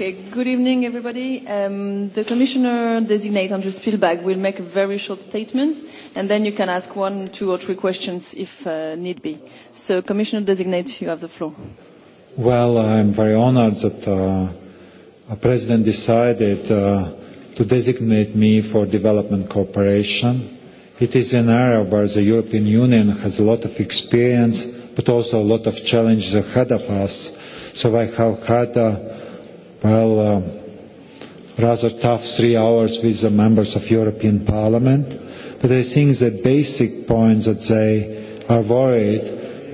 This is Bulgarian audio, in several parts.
Okay, good evening, everybody. Um, the Commissioner designate Andrew Spielberg will make a very short statement, and then you can ask one, two, or three questions if uh, need be. So, Commissioner designate, you have the floor. Well, I'm very honored that uh, President decided uh, to designate me for development cooperation. It is an area where the European Union has a lot of experience, but also a lot of challenges ahead of us. So I have had. Uh, well, uh, rather tough three hours with the members of European Parliament. But I think the basic point that they are worried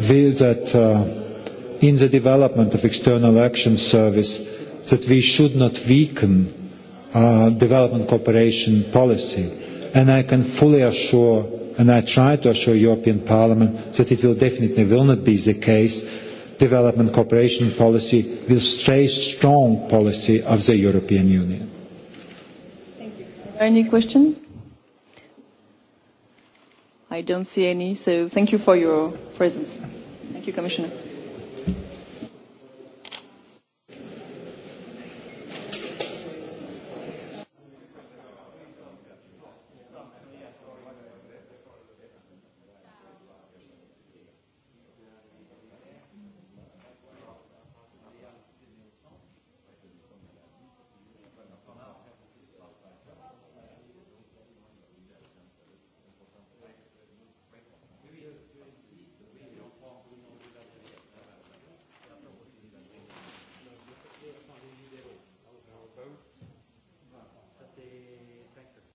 will that uh, in the development of external action service, that we should not weaken uh, development cooperation policy. And I can fully assure, and I try to assure European Parliament that it will definitely will not be the case development cooperation policy will stay strong policy of the European Union. Thank you. Any question? I don't see any, so thank you for your presence. Thank you, Commissioner.